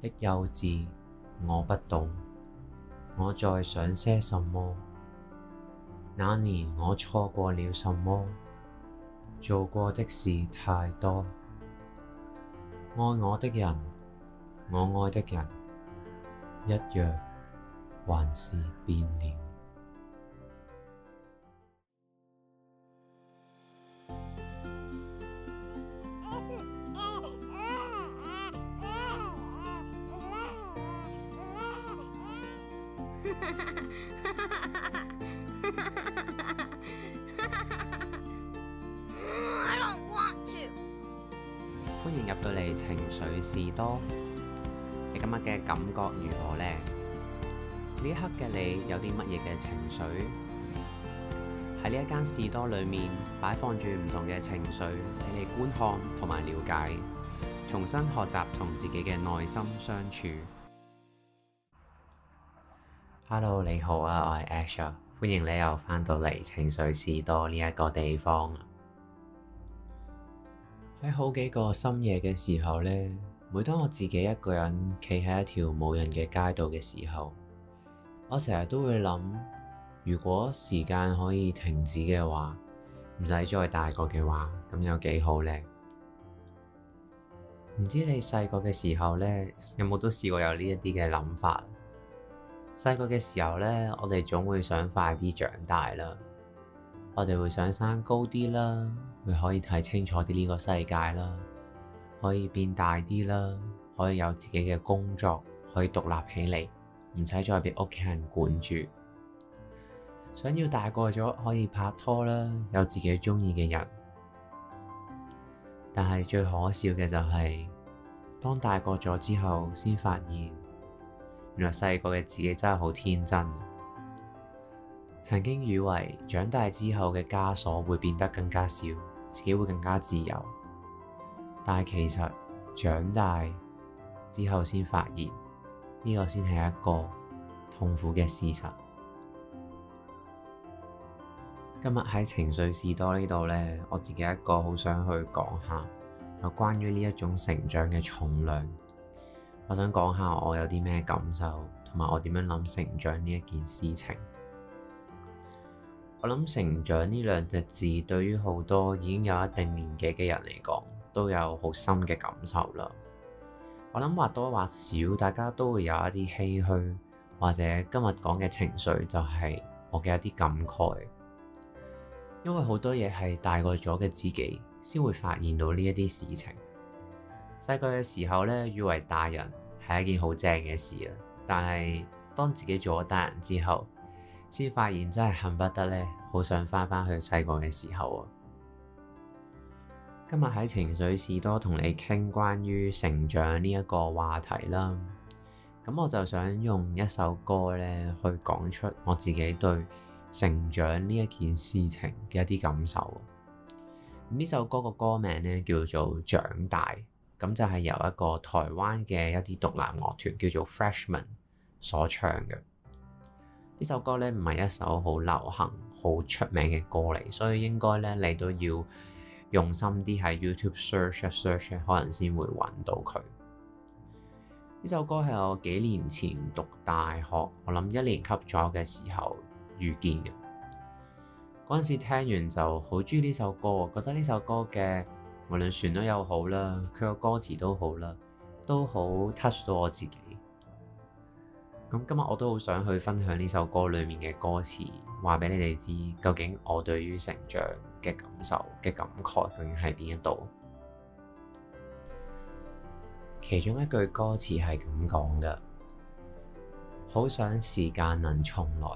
的幼稚，我不懂。我在想些什麼？那年我錯過了什麼？做過的事太多。愛我的人，我愛的人，一樣還是變了。歡迎入到嚟情緒士多。你今日嘅感覺如何呢？呢一刻嘅你有啲乜嘢嘅情緒？喺呢一間士多裏面，擺放住唔同嘅情緒，畀你觀看同埋了解，重新學習同自己嘅內心相處。Hello，你好啊，我係 Asher，歡迎你又翻到嚟情緒士多呢一個地方。喺好幾個深夜嘅時候呢，每當我自己一個人企喺一條無人嘅街道嘅時候，我成日都會諗，如果時間可以停止嘅話，唔使再大個嘅話，咁有幾好呢？唔知你細個嘅時候呢，有冇都試過有呢一啲嘅諗法？細個嘅時候呢，我哋總會想快啲長大啦，我哋會想生高啲啦。佢可以睇清楚啲呢個世界啦，可以變大啲啦，可以有自己嘅工作，可以獨立起嚟，唔使再畀屋企人管住。想要大個咗可以拍拖啦，有自己鍾意嘅人。但係最可笑嘅就係當大個咗之後，先發現原來細個嘅自己真係好天真。曾經以為長大之後嘅枷鎖會變得更加少。自己會更加自由，但係其實長大之後先發現呢個先係一個痛苦嘅事實。今日喺情緒士多呢度呢，我自己一個好想去講下，有關於呢一種成長嘅重量。我想講下我有啲咩感受，同埋我點樣諗成長呢一件事情。我諗“成長”呢兩隻字，對於好多已經有一定年紀嘅人嚟講，都有好深嘅感受啦。我諗或多或少，大家都會有一啲唏噓，或者今日講嘅情緒，就係我嘅一啲感慨。因為好多嘢係大個咗嘅自己，先會發現到呢一啲事情。細個嘅時候呢，以為大人係一件好正嘅事啊，但係當自己做咗大人之後，先發現真係恨不得咧，好想翻返去細個嘅時候啊！今日喺情緒士多同你傾關於成長呢一個話題啦。咁我就想用一首歌咧去講出我自己對成長呢一件事情嘅一啲感受。呢首歌個歌名咧叫做《長大》，咁就係由一個台灣嘅一啲獨立樂團叫做 Freshman 所唱嘅。呢首歌呢，唔係一首好流行、好出名嘅歌嚟，所以應該呢，你都要用心啲喺 YouTube search search，可能先會揾到佢。呢首歌係我幾年前讀大學，我諗一年級左右嘅時候遇見嘅。嗰陣時聽完就好中意呢首歌，覺得呢首歌嘅無論旋律又好啦，佢個歌詞都好啦，都好 touch 到我自己。今日我都好想去分享呢首歌裏面嘅歌詞，話畀你哋知究竟我對於成長嘅感受嘅感覺，究竟係邊一度？其中一句歌詞係咁講㗎：好想時間能重來。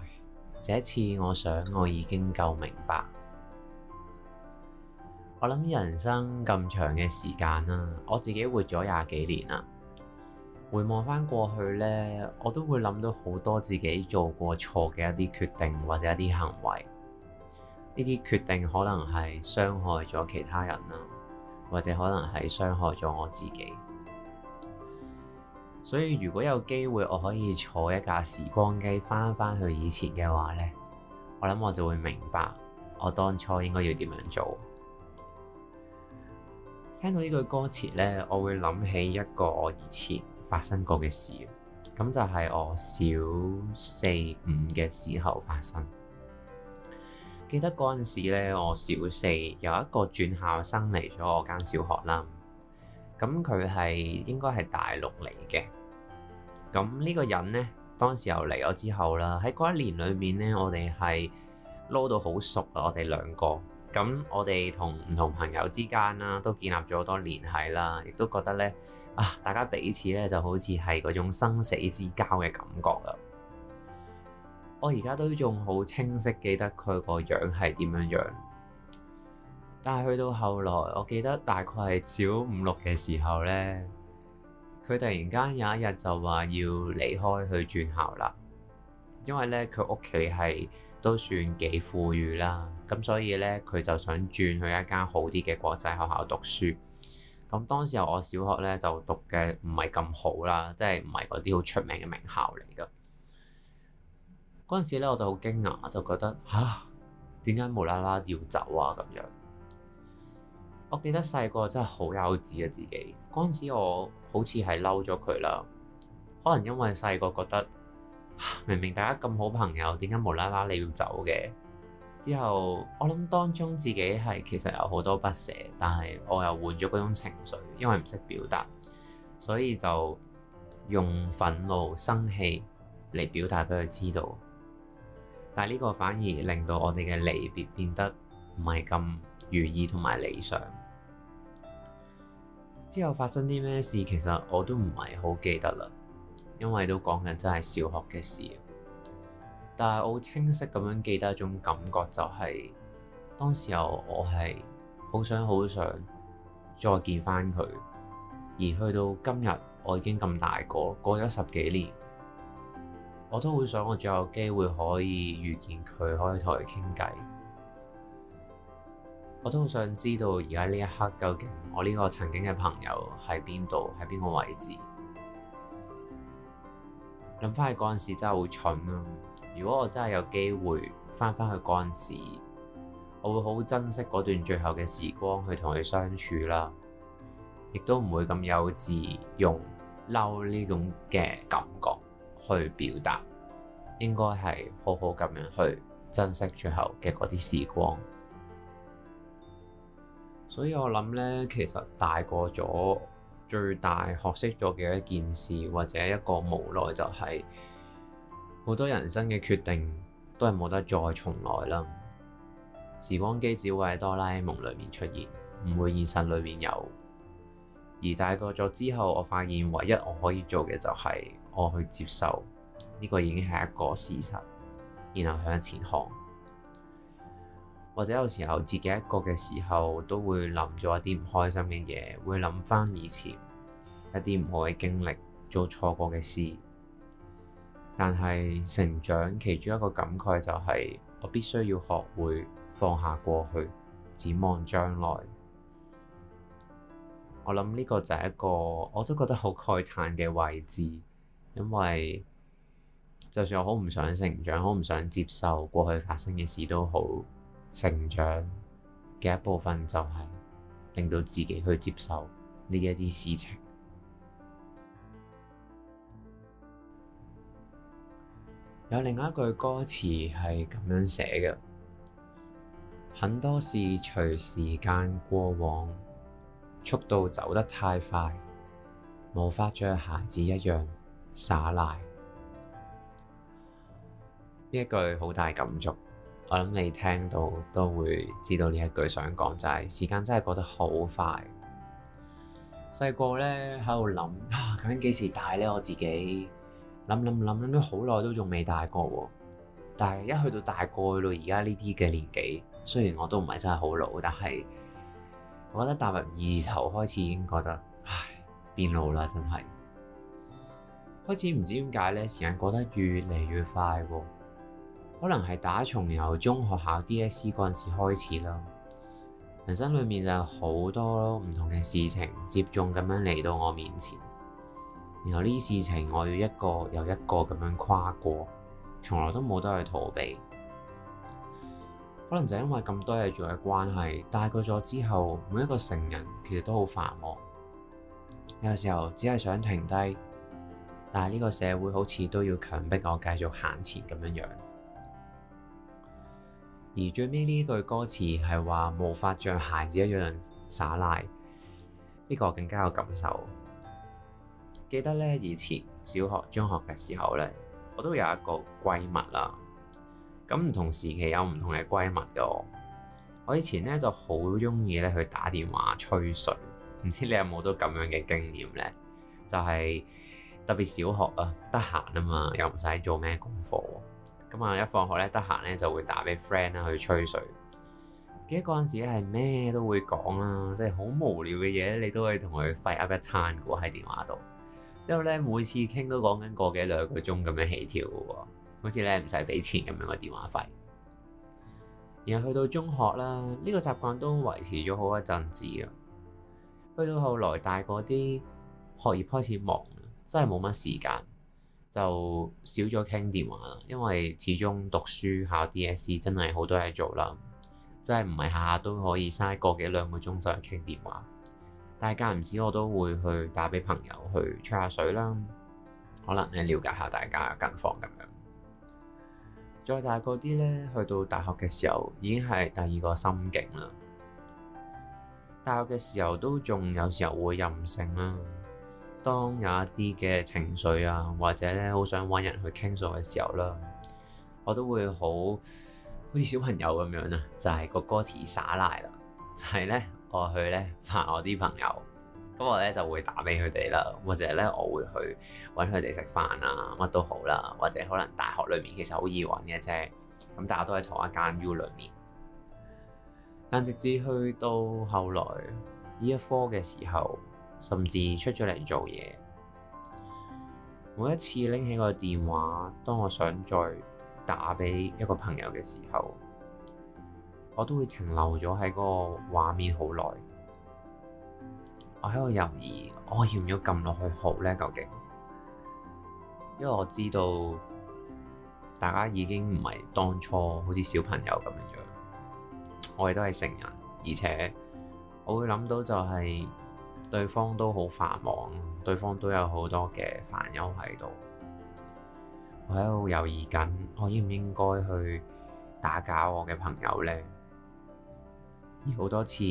這次我想我已經夠明白。我諗人生咁長嘅時間啦，我自己活咗廿幾年啦。回望翻過去呢，我都會諗到好多自己做過錯嘅一啲決定，或者一啲行為。呢啲決定可能係傷害咗其他人啦，或者可能係傷害咗我自己。所以如果有機會，我可以坐一架時光機翻返去以前嘅話呢，我諗我就會明白我當初應該要點樣做。聽到呢句歌詞呢，我會諗起一個我以前發生過嘅事，咁就係我小四五嘅時候發生。記得嗰陣時呢，我小四有一個轉校生嚟咗我間小學啦。咁佢係應該係大陸嚟嘅。咁呢個人呢，當時又嚟咗之後啦，喺嗰一年裏面呢，我哋係撈到好熟啊，我哋兩個。咁我哋同唔同朋友之間啦，啊，都建立咗好多聯繫啦，亦都覺得呢，啊，大家彼此呢就好似係嗰種生死之交嘅感覺啦。我而家都仲好清晰記得佢個樣係點樣樣，但係去到後來，我記得大概係小五六嘅時候呢，佢突然間有一日就話要離開去轉校啦，因為呢，佢屋企係，都算幾富裕啦，咁所以呢，佢就想轉去一間好啲嘅國際學校讀書。咁當時候我小學呢，就讀嘅唔係咁好啦，即係唔係嗰啲好出名嘅名校嚟嘅。嗰陣時呢我就好驚訝，就覺得，吓，點解無啦啦要走啊咁樣。我記得細個真係好幼稚嘅自己。嗰陣時我好似係嬲咗佢啦，可能因為細個覺得。明明大家咁好朋友，點解無啦啦你要走嘅？之後我諗當中自己係其實有好多不捨，但係我又換咗嗰種情緒，因為唔識表達，所以就用憤怒、生氣嚟表達俾佢知道。但係呢個反而令到我哋嘅離別變得唔係咁如意同埋理想。之後發生啲咩事，其實我都唔係好記得啦。因為都講緊真係小學嘅事，但係我好清晰咁樣記得一種感覺，就係，就係當時候我係好想好想再見返佢，而去到今日我已經咁大個，過咗十幾年，我都好想我仲有機會可以遇見佢，可以同佢傾偈，我都好想知道而家呢一刻究竟我呢個曾經嘅朋友喺邊度，喺邊個位置。諗返起嗰陣時真係好蠢啊。如果我真係有機會返返去嗰陣時，我會好珍惜嗰段最後嘅時光去同佢相處啦，亦都唔會咁幼稚用嬲呢種嘅感覺去表達，應該係好好咁樣去珍惜最後嘅嗰啲時光。所以我諗呢，其實大個咗。最大學識咗嘅一件事，或者一個無奈就係、是、好多人生嘅決定都係冇得再重來啦。時光機只會喺哆啦 A 夢裏面出現，唔會現實裏面有。而大個咗之後，我發現唯一我可以做嘅就係我去接受呢、這個已經係一個事實，然後向前看。或者有時候自己一個嘅時候，都會諗咗一啲唔開心嘅嘢，會諗翻以前一啲唔好嘅經歷，做錯過嘅事。但係成長其中一個感慨就係，我必須要學會放下過去，展望將來。我諗呢個就係一個我都覺得好慨嘆嘅位置，因為就算我好唔想成長，好唔想接受過去發生嘅事都好。成長嘅一部分就係令到自己去接受呢一啲事情。有另一句歌詞係咁樣寫嘅：很多事隨時間過往，速度走得太快，無法像孩子一樣耍賴。呢一句好大感觸。我諗你聽到都會知道呢一句想講就係時間真係過得好快。細個呢，喺度諗啊，究竟幾時大呢？我自己諗諗諗諗都好耐都仲未大過喎。但係一去到大個，去到而家呢啲嘅年紀，雖然我都唔係真係好老，但係我覺得踏入二字頭開始已經覺得唉變老啦，真係。開始唔知點解呢，時間過得越嚟越快喎。可能係打從由中學校 d s c 嗰陣時開始咯，人生裏面就有好多唔同嘅事情接踵咁樣嚟到我面前，然後呢，事情我要一個又一個咁樣跨過，從來都冇得去逃避。可能就因為咁多嘢做嘅關係，大個咗之後，每一個成人其實都好繁忙，有時候只係想停低，但係呢個社會好似都要強迫我繼續行前咁樣樣。而最尾呢句歌詞係話，無法像孩子一樣耍賴。呢、這個更加有感受。記得呢，以前小學、中學嘅時候呢，我都有一個閨蜜啦、啊。咁唔同時期有唔同嘅閨蜜噶、啊。我以前呢就好中意呢去打電話吹水，唔知你有冇到咁樣嘅經驗呢？就係、是、特別小學啊，得閒啊嘛，又唔使做咩功課、啊。咁啊，一放學咧，得閒咧就會打俾 friend 啦，去吹水。記得嗰陣時係咩都會講啦，即係好無聊嘅嘢，你都可以同佢廢噏一餐嘅喺電話度。之後咧，每次傾都講緊個幾兩個鐘咁樣起跳嘅喎，好似咧唔使畀錢咁樣嘅電話費。然後去到中學啦，呢個習慣都維持咗好一陣子。去到後來，大個啲，學業開始忙，真係冇乜時間。就少咗傾電話啦，因為始終讀書考 DSE 真係好多嘢做啦，真係唔係下下都可以嘥個幾兩個鐘就傾電話。但係間唔時我都會去打俾朋友去吹下水啦，可能咧了解下大家近況咁樣。再大個啲呢，去到大學嘅時候已經係第二個心境啦。大學嘅時候都仲有時候會任性啦。當有一啲嘅情緒啊，或者咧好想揾人去傾訴嘅時候啦，我都會好好似小朋友咁樣啊，就係、是、個歌詞耍賴啦，就係、是、咧我去咧煩我啲朋友，咁我咧就會打俾佢哋啦，或者咧我會去揾佢哋食飯啊，乜都好啦，或者可能大學裏面其實好易揾嘅啫，咁大家都喺同一間 U 裏面。但直至去到後來呢一科嘅時候，甚至出咗嚟做嘢。每一次拎起個電話，當我想再打畀一個朋友嘅時候，我都會停留咗喺嗰個畫面好耐。我喺度猶豫，我要唔要撳落去好呢？究竟？因為我知道大家已經唔係當初好似小朋友咁樣，我哋都係成人，而且我會諗到就係、是。對方都好繁忙，對方都有好多嘅煩憂喺度。我喺度猶豫緊，我應唔應該去打攪我嘅朋友呢？而好多次，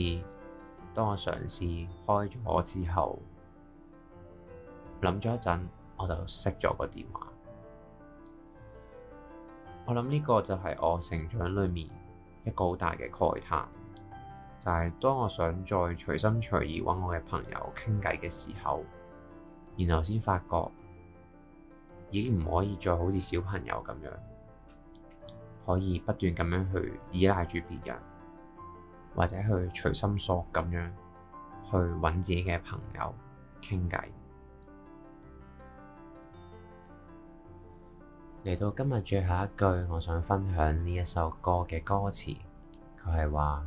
當我嘗試開咗我之後，諗咗一陣，我就熄咗個電話。我諗呢個就係我成長裏面一個好大嘅慨嘆。就係當我想再隨心隨意揾我嘅朋友傾偈嘅時候，然後先發覺已經唔可以再好似小朋友咁樣可以不斷咁樣去依賴住別人，或者去隨心所欲咁樣去揾自己嘅朋友傾偈。嚟到今日最後一句，我想分享呢一首歌嘅歌詞，佢係話：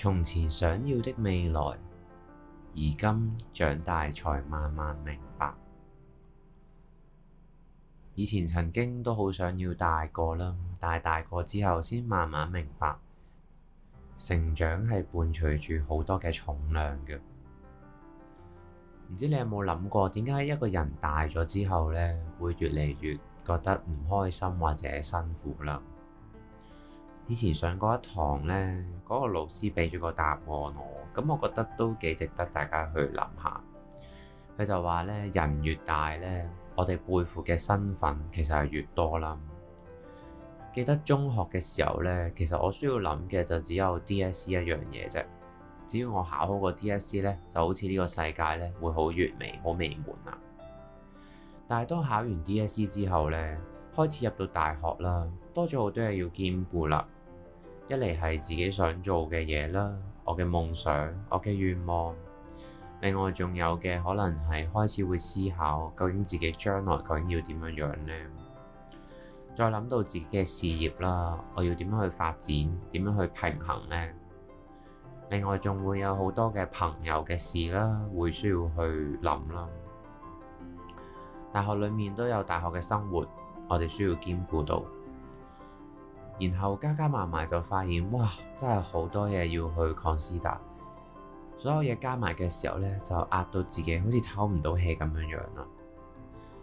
從前想要的未來，而今長大才慢慢明白。以前曾經都好想要大個啦，但係大個之後先慢慢明白，成長係伴隨住好多嘅重量嘅。唔知你有冇諗過，點解一個人大咗之後呢，會越嚟越覺得唔開心或者辛苦啦？以前上嗰一堂呢，嗰個老師俾咗個答案我，咁我覺得都幾值得大家去諗下。佢就話呢，人越大呢，我哋背負嘅身份其實係越多啦。記得中學嘅時候呢，其實我需要諗嘅就只有 DSE 一樣嘢啫。只要我考好個 DSE 呢，就好似呢個世界呢會好完美、好美滿啦。但係當考完 DSE 之後呢，開始入到大學啦，多咗好多嘢要兼顧啦。一嚟係自己想做嘅嘢啦，我嘅夢想，我嘅願望。另外仲有嘅可能係開始會思考，究竟自己將來究竟要點樣樣呢？再諗到自己嘅事業啦，我要點樣去發展，點樣去平衡呢？另外仲會有好多嘅朋友嘅事啦，會需要去諗啦。大學裡面都有大學嘅生活，我哋需要兼顧到。然後加加埋埋就發現，哇！真係好多嘢要去 consider。所有嘢加埋嘅時候呢，就壓到自己好似唞唔到氣咁樣樣啦。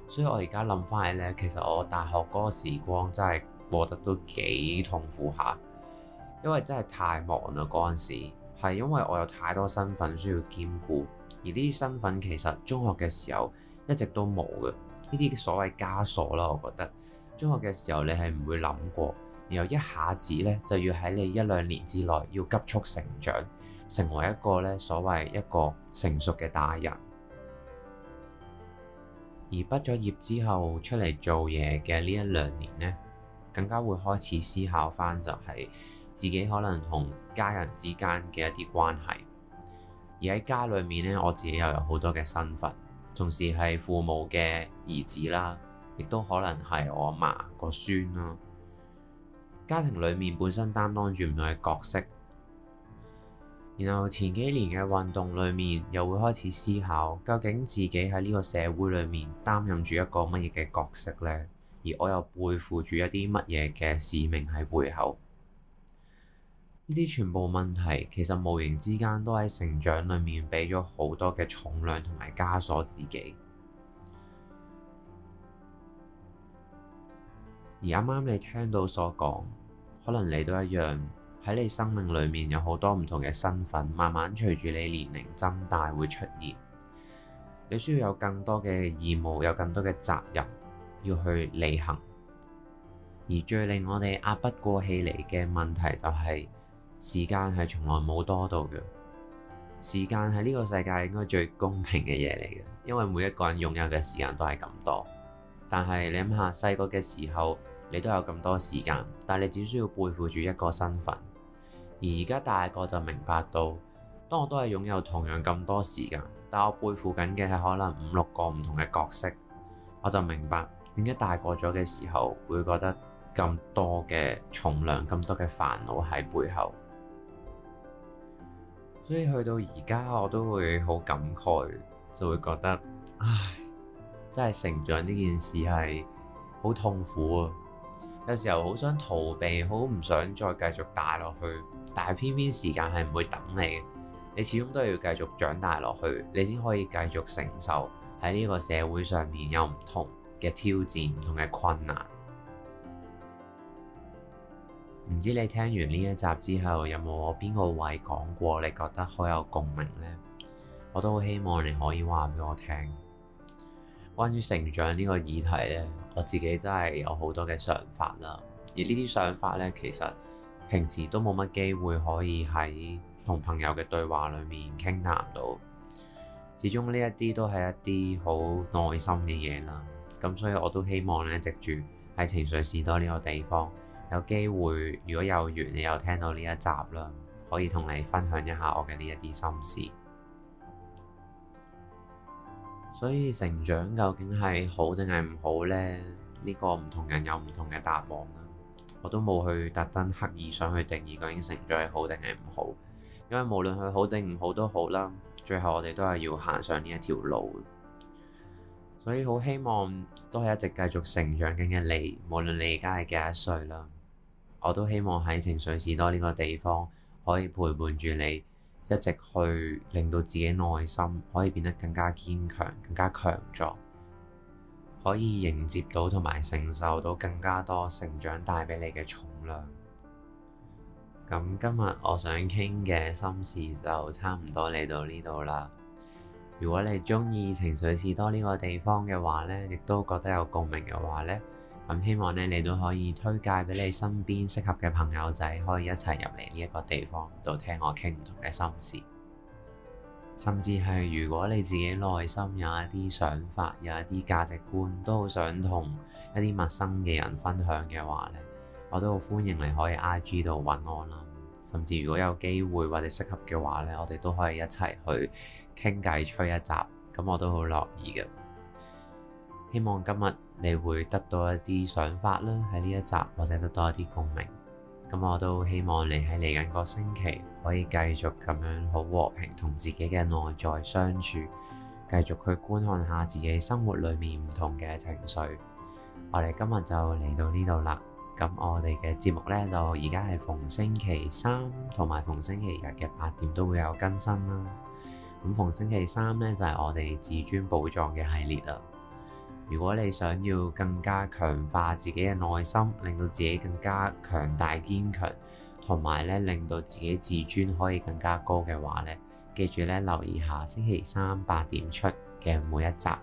所以我而家諗翻起呢，其實我大學嗰個時光真係過得都幾痛苦下，因為真係太忙啦。嗰陣時係因為我有太多身份需要兼顧，而呢啲身份其實中學嘅時候一直都冇嘅。呢啲所謂枷鎖啦，我覺得中學嘅時候你係唔會諗過。然後一下子呢，就要喺你一兩年之內要急速成長，成為一個呢所謂一個成熟嘅大人。而畢咗業之後出嚟做嘢嘅呢一兩年呢，更加會開始思考翻就係自己可能同家人之間嘅一啲關係。而喺家裏面呢，我自己又有好多嘅身份，同時係父母嘅兒子啦，亦都可能係我阿嫲個孫啦。家庭裏面本身擔當住唔同嘅角色，然後前幾年嘅運動裏面又會開始思考，究竟自己喺呢個社會裏面擔任住一個乜嘢嘅角色呢？而我又背負住一啲乜嘢嘅使命喺背後。呢啲全部問題其實無形之間都喺成長裏面畀咗好多嘅重量同埋枷鎖自己。而啱啱你聽到所講，可能你都一樣喺你生命裏面有好多唔同嘅身份，慢慢隨住你年齡增大會出現。你需要有更多嘅義務，有更多嘅責任要去履行。而最令我哋壓不過氣嚟嘅問題就係時間係從來冇多到嘅。時間係呢個世界應該最公平嘅嘢嚟嘅，因為每一個人擁有嘅時間都係咁多。但係你諗下細個嘅時候，你都有咁多時間，但你只需要背負住一個身份。而而家大個就明白到，當我都係擁有同樣咁多時間，但我背負緊嘅係可能五六個唔同嘅角色，我就明白點解大個咗嘅時候會覺得咁多嘅重量、咁多嘅煩惱喺背後。所以去到而家我都會好感慨，就會覺得唉，真係成長呢件事係好痛苦啊！有時候好想逃避，好唔想再繼續大落去，但係偏偏時間係唔會等你嘅，你始終都要繼續長大落去，你先可以繼續承受喺呢個社會上面有唔同嘅挑戰、唔同嘅困難。唔知你聽完呢一集之後，有冇邊個位講過你覺得好有共鳴呢？我都好希望你可以話畀我聽。關於成長呢個議題呢，我自己真係有好多嘅想法啦。而呢啲想法呢，其實平時都冇乜機會可以喺同朋友嘅對話裡面傾談到。始終呢一啲都係一啲好內心嘅嘢啦。咁所以我都希望呢，藉住喺情緒士多呢個地方有機會，如果有緣你又聽到呢一集啦，可以同你分享一下我嘅呢一啲心事。所以成長究竟係好定係唔好呢？呢個唔同人有唔同嘅答案啦。我都冇去特登刻意想去定義究竟成長係好定係唔好，因為無論佢好定唔好都好啦。最後我哋都係要行上呢一條路。所以好希望都係一直繼續成長緊嘅你，無論你而家係幾多歲啦，我都希望喺情緒士多呢個地方可以陪伴住你。一直去令到自己內心可以變得更加堅強、更加強壯，可以迎接到同埋承受到更加多成長帶畀你嘅重量。咁今日我想傾嘅心事就差唔多嚟到呢度啦。如果你鍾意情緒士多呢個地方嘅話呢，亦都覺得有共鳴嘅話呢。咁希望呢，你都可以推介畀你身邊適合嘅朋友仔，可以一齊入嚟呢一個地方度聽我傾唔同嘅心事。甚至係如果你自己內心有一啲想法，有一啲價值觀，都好想同一啲陌生嘅人分享嘅話呢，我都好歡迎你可以 IG 度揾我啦。甚至如果有機會或者適合嘅話呢，我哋都可以一齊去傾偈吹一集，咁我都好樂意嘅。希望今日～你會得到一啲想法啦，喺呢一集或者得到一啲共鳴。咁我都希望你喺嚟緊個星期可以繼續咁樣好和平同自己嘅內在相處，繼續去觀看下自己生活裏面唔同嘅情緒。我哋今日就嚟到呢度啦。咁我哋嘅節目呢，就而家係逢星期三同埋逢星期日嘅八點都會有更新啦。咁逢星期三呢，就係、是、我哋自尊寶藏嘅系列啦。如果你想要更加強化自己嘅內心，令到自己更加強大堅強，同埋咧令到自己自尊可以更加高嘅話咧，記住咧留意下星期三八點出嘅每一集呢、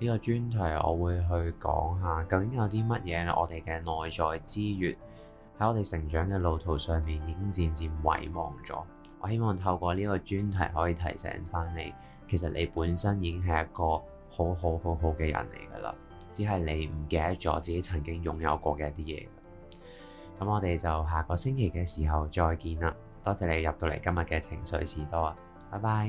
嗯、個專題，我會去講下究竟有啲乜嘢我哋嘅內在資源喺我哋成長嘅路途上面已經漸漸遺忘咗。我希望透過呢個專題可以提醒返你，其實你本身已經係一個。好好好好嘅人嚟㗎啦，只係你唔記得咗自己曾經擁有過嘅一啲嘢。咁我哋就下個星期嘅時候再見啦！多謝你入到嚟今日嘅情緒士多啊，拜拜。